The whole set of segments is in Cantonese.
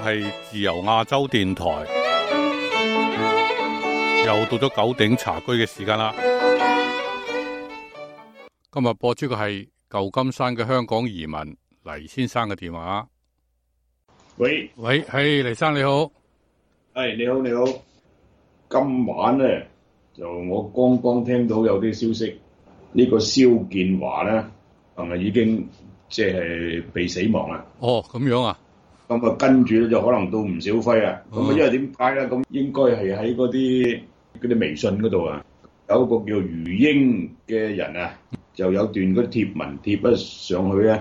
係自由亞洲電台，嗯、又到咗九鼎茶居嘅時間啦。今日播出嘅係舊金山嘅香港移民黎先生嘅電話。喂喂，係黎生你好，係、hey, 你好你好。今晚咧就我剛剛聽到有啲消息，呢、呢個蕭建華咧係咪已經即係被死亡啦？哦，咁樣啊？咁啊，跟住咧就可能到吳小輝啊，咁啊，因為點解咧？咁應該係喺嗰啲嗰啲微信嗰度啊，有一個叫余英嘅人啊，就有段嗰貼文貼啊上去咧，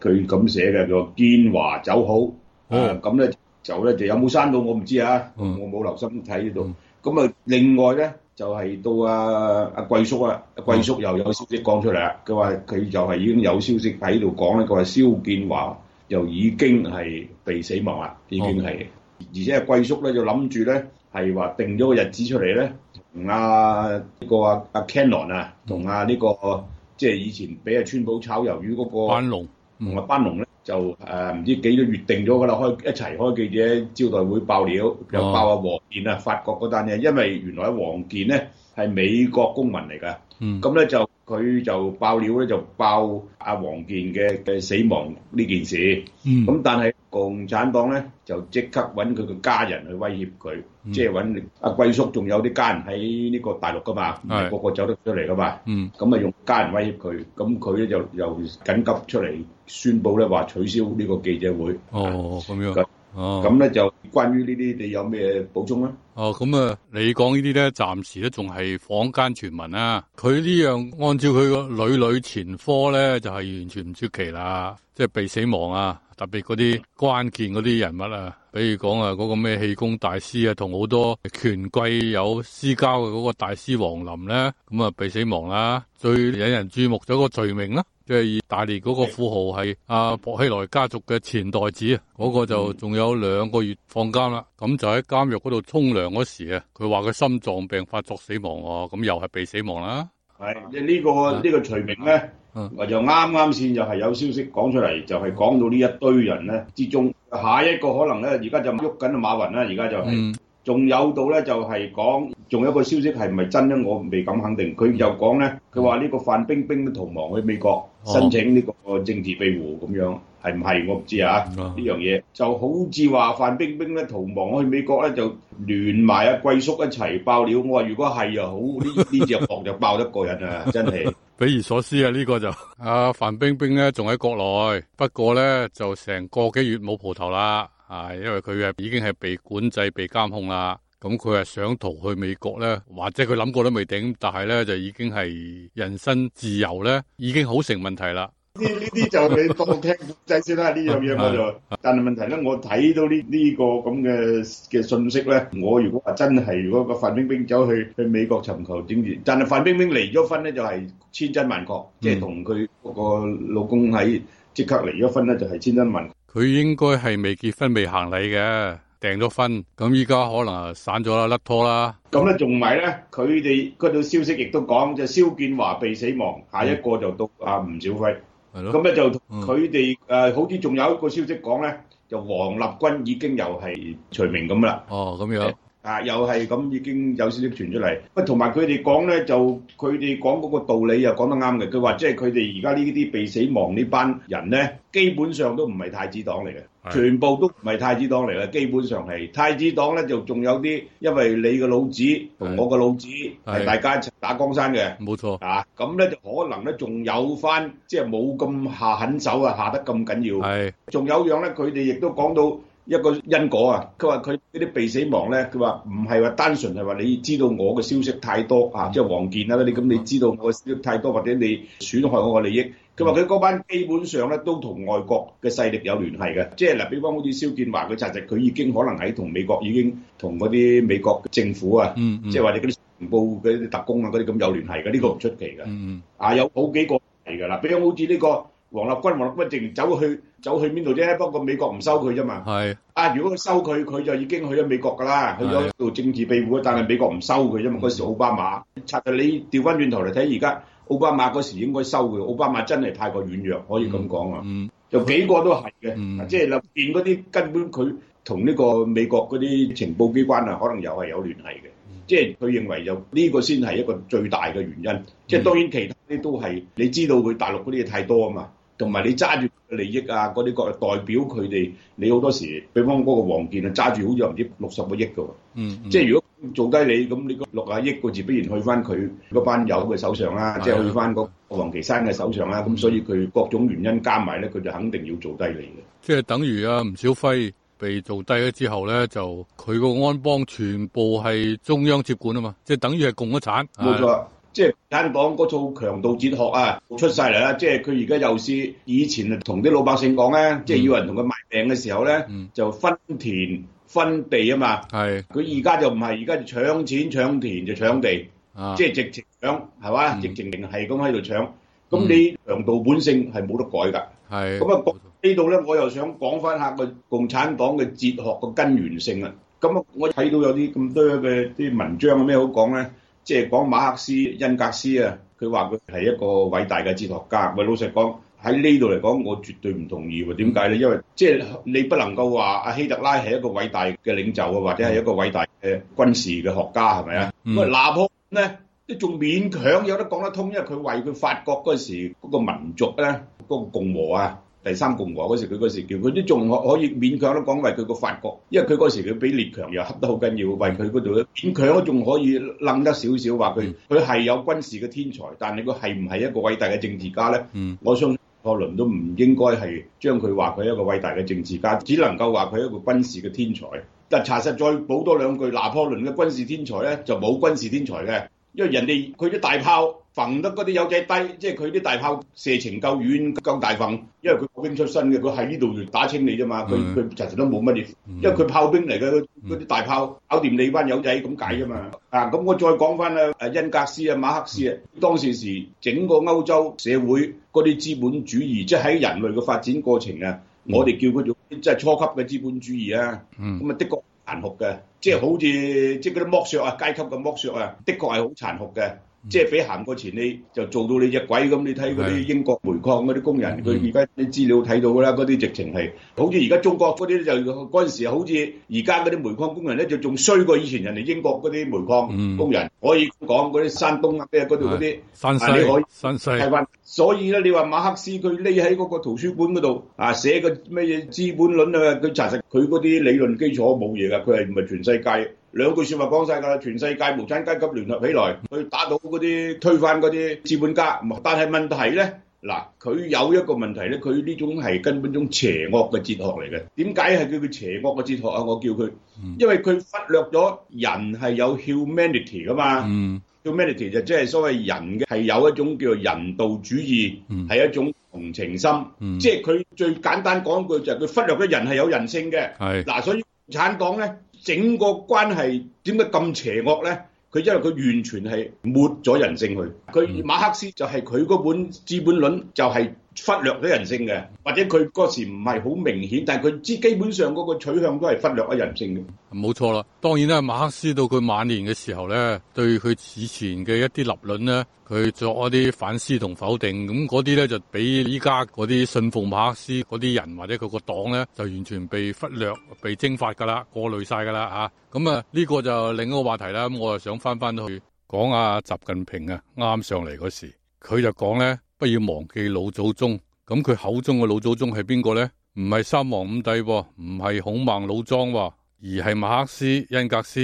佢咁寫嘅，佢話建華走好啊，咁咧就咧就有冇刪到我唔知啊，我冇留心睇呢度。咁啊，另外咧就係到阿阿貴叔啊，貴叔又有消息講出嚟啦，佢話佢就係已經有消息喺度講咧，佢話蕭建華。又已經係被死亡啦，已經係，而且阿貴叔咧就諗住咧係話定咗個日子出嚟咧，同阿呢個阿阿 Canon 啊，同阿呢個即、啊、係、啊啊這個就是、以前俾阿、啊、川普炒魷魚嗰、那個班農，同、嗯、阿班農咧就誒、啊、唔知幾多月定咗噶啦，開一齊開記者招待會爆料，又爆阿、啊、王健啊，啊法國嗰單嘢，因為原來王健咧係美國公民嚟㗎，咁咧就。佢就爆料咧，就爆阿、啊、王健嘅嘅死亡呢件事。嗯，咁但係共產黨咧就即刻揾佢嘅家人去威脅佢，即係揾阿貴叔，仲有啲家人喺呢個大陸噶嘛，個個走得出嚟噶嘛。嗯，咁啊用家人威脅佢，咁佢咧就又緊急出嚟宣佈咧話取消呢個記者會。哦，咁、啊、樣。哦，咁咧就關於呢啲、哦嗯，你有咩補充啊？哦，咁啊，你講呢啲咧，暫時咧仲係坊間傳聞啊。佢呢樣按照佢個女女前科咧，就係、是、完全唔出奇啦，即係被死亡啊。特別嗰啲關鍵嗰啲人物啊，比如講啊嗰個咩氣功大師啊，同好多權貴有私交嘅嗰個大師王林咧，咁啊被死亡啦。最引人注目咗個罪名啦，即係意大利嗰個富豪係阿薄熙來家族嘅前代子，嗰個就仲有兩個月放監啦。咁就喺監獄嗰度沖涼嗰時啊，佢話佢心臟病發作死亡喎，咁又係被死亡啦。係，即係呢個呢個罪名咧。我就啱啱先就係有消息講出嚟，就係講到呢一堆人咧之中，下一個可能咧，而家就喐緊馬雲啦，而家就係，仲有到咧就係講，仲有一個消息係唔係真咧？我未敢肯定。佢就講咧，佢話呢個范冰冰都逃亡去美國申請呢個政治庇護咁樣，係唔係我唔知啊？呢樣嘢就好似話范冰冰咧逃亡去美國咧，就聯埋阿貴叔一齊爆料。我話如果係又好呢呢隻鑊就爆得過癮啊！真係。匪夷所思啊，呢、呢個就 啊范冰冰咧，仲喺國內，不過咧就成個幾月冇蒲頭啦，啊，因為佢啊已經係被管制、被監控啦，咁佢啊想逃去美國咧，或者佢諗過都未定，但係咧就已經係人身自由咧，已經好成問題啦。呢呢啲就你當聽古仔先啦，呢樣嘢我就，但係問題咧，我睇到呢呢個咁嘅嘅信息咧，我如果話真係如果個范冰冰走去去美國尋求整容，但係范冰冰離咗婚咧就係千真萬確，即係同佢個老公喺即刻離咗婚咧就係千真萬確。佢應該係未結婚未行禮嘅，訂咗婚，咁依家可能散咗啦，甩拖啦。咁咧同埋咧，佢哋嗰度消息亦都講，就係蕭建華被死亡，下一個就到阿吳小輝。咁咧就佢哋誒，好似仲有一個消息講咧，就王立軍已經又係除名咁啦。哦，咁樣啊、呃，又係咁已經有消息傳出嚟。喂，同埋佢哋講咧，就佢哋講嗰個道理又講得啱嘅。佢話即係佢哋而家呢啲被死亡呢班人咧，基本上都唔係太子黨嚟嘅。全部都唔係太子黨嚟嘅，基本上係太子黨咧，就仲有啲，因為你個老子同我個老子係大家一齊打江山嘅，冇錯啊。咁咧就可能咧仲有翻，即係冇咁下狠手啊，下得咁緊要。係。仲有樣咧，佢哋亦都講到一個因果啊。佢話佢呢啲被死亡咧，佢話唔係話單純係話你知道我嘅消息太多啊，即係王健啊，你咁你知道我嘅消息太多，或者你損害我嘅利益。佢話：佢嗰班基本上咧都同外國嘅勢力有聯繫嘅，即係嗱，比如好似蕭建華，佢查實佢已經可能喺同美國已經同嗰啲美國政府啊，即係話你嗰啲情報嗰啲特工啊嗰啲咁有聯繫嘅，呢、嗯、個唔出奇嘅。嗯嗯、啊，有好幾個係㗎啦，比如好似呢個王立軍，王立軍正走去走去邊度啫？不過美國唔收佢啫嘛。係是。啊，如果佢收佢，佢就已經去咗美國㗎啦，去咗度政治庇護，但係美國唔收佢啫嘛。嗰時奧巴馬，查實、嗯、你調翻轉頭嚟睇而家。而家而家奧巴馬嗰時應該收嘅，奧巴馬真係太過軟弱，可以咁講啊。嗯，有幾個都係嘅，即係入邊嗰啲根本佢同呢個美國嗰啲情報機關啊，可能又係有聯繫嘅。即係佢認為有呢個先係一個最大嘅原因。即係、嗯、當然其他啲都係你知道佢大陸嗰啲嘢太多啊嘛，同埋你揸住利益啊，嗰啲代表佢哋，你好多時，比方嗰個王健啊，揸住好似唔知六十個億嘅喎、嗯。嗯，即係如果。做低你咁你個六啊億個字，不如去翻佢嗰班友嘅手上啦，即係去翻嗰王岐山嘅手上啦。咁所以佢各種原因加埋咧，佢就肯定要做低你嘅。即係等於啊，吳小輝被做低咗之後咧，就佢個安邦全部係中央接管啊嘛。即係等於係共一產。冇錯，即係簡單講嗰套強盜哲學啊出晒嚟啦。即係佢而家又是以前同啲老百姓講咧，即、就、係、是、要人同佢賣命嘅時候咧，嗯、就分田，分地啊嘛，佢而家就唔係，而家就搶錢搶田就搶地，啊、即係直情搶係嘛，直情係咁喺度搶，咁你強盜本性係冇得改㗎。係咁啊，呢度咧我又想講翻下個共產黨嘅哲學個根源性啊。咁啊，我睇到有啲咁多嘅啲文章有咩好講咧？即係講馬克思、恩格斯啊，佢話佢係一個偉大嘅哲學家。喂，老實講。喺呢度嚟講，我絕對唔同意喎。點解咧？因為即係你不能夠話阿希特拉係一個偉大嘅領袖啊，或者係一個偉大嘅軍事嘅學家，係咪啊？咁啊、嗯，拿破崙咧，都仲勉強有得講得通，因為佢為佢法國嗰時嗰個民族咧，嗰、嗰個共和啊，第三共和嗰時，佢嗰時叫佢都仲可可以勉強都講為佢個法國，因為佢嗰時佢俾列強又恰得好緊要，為佢嗰度咧勉強仲可以冧得少少，話佢佢係有軍事嘅天才，但係佢係唔係一個偉大嘅政治家咧？嗯，我相信。拿破崙都唔應該係將佢話佢一個偉大的政治家，只能夠話佢一個軍事嘅天才。但查實再補多兩句，拿破崙嘅軍事天才呢，就冇軍事天才嘅。因為人哋佢啲大炮馮得嗰啲友仔低，即係佢啲大炮射程夠遠、夠大馮。因為佢炮兵出身嘅，佢喺呢度打清你啫嘛。佢佢、嗯、其實都冇乜嘢。因為佢炮兵嚟嘅，嗰啲大炮搞掂你班友仔咁解噶嘛。啊，咁 ung. 我再講翻啦，阿恩格斯啊、馬克思啊，當時時整個歐洲社會嗰啲資本主義，即係喺人類嘅發展過程啊，我哋叫佢做即係、就是、初級嘅資本主義啊。嗯。咁啊，的確。殘酷嘅，即係好似即係嗰啲剝削啊，階級嘅剝削啊，的確係好殘酷嘅。即係俾行過前，你就做到你隻鬼咁。你睇嗰啲英國煤礦嗰啲工人，佢而家啲資料睇到㗎啦。嗰啲直情係，好似而家中國嗰啲就嗰陣時，好似而家嗰啲煤礦工人咧，就仲衰過以前人哋英國嗰啲煤礦工人。可以講嗰啲山東啊，咩嗰度嗰啲山西，山西。係啊，所以咧，你話馬克思佢匿喺嗰個圖書館嗰度啊，寫個咩嘢資本論啊？佢查實佢嗰啲理論基礎冇嘢㗎，佢係唔係全世界？兩句說話講晒噶啦，全世界無產階級聯合起來去打倒嗰啲推翻嗰啲資本家。但係問題咧，嗱，佢有一個問題咧，佢呢種係根本種邪惡嘅哲學嚟嘅。點解係叫佢邪惡嘅哲學啊？我叫佢，因為佢忽略咗人係有 humanity 噶嘛。humanity 就即係所謂人嘅係有一種叫做人道主義，係一種同情心。即係佢最簡單講一句就係佢忽略咗人係有人性嘅。係嗱，所以共產黨咧。整個關係點解咁邪惡咧？佢因為佢完全係沒咗人性去，佢馬克思就係佢嗰本《資本論》就係、是。忽略咗人性嘅，或者佢嗰時唔係好明顯，但係佢之基本上嗰個取向都係忽略咗人性嘅。冇錯啦，當然啦，馬克思到佢晚年嘅時候咧，對佢此前嘅一啲立論咧，佢作一啲反思同否定，咁嗰啲咧就俾依家嗰啲信奉馬克思嗰啲人或者佢個黨咧，就完全被忽略，被蒸發噶啦，過濾晒噶啦吓，咁啊，呢個就另一個話題啦。咁我就想翻翻去講下習近平啊，啱上嚟嗰時，佢就講咧。不要忘記老祖宗，咁佢口中嘅老祖宗係邊個呢？唔係三皇五帝，啊，唔係孔孟老莊，啊，而係馬克思恩格斯。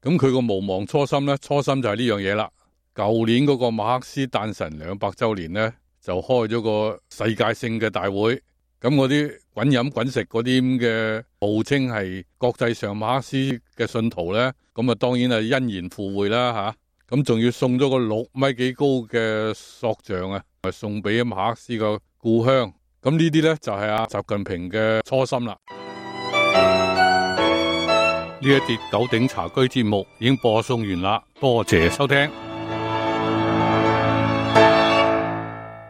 咁佢個無忘初心呢，初心就係呢樣嘢啦。舊年嗰個馬克思誕辰兩百周年呢，就開咗個世界性嘅大會。咁嗰啲滾飲滾食嗰啲咁嘅號稱係國際上馬克思嘅信徒呢，咁啊當然係欣然赴會啦吓。咁仲要送咗個六米幾高嘅塑像啊，係送俾馬克思嘅故鄉。咁呢啲咧就係阿習近平嘅初心啦。呢一節九鼎茶居節目已經播送完啦，多謝收聽。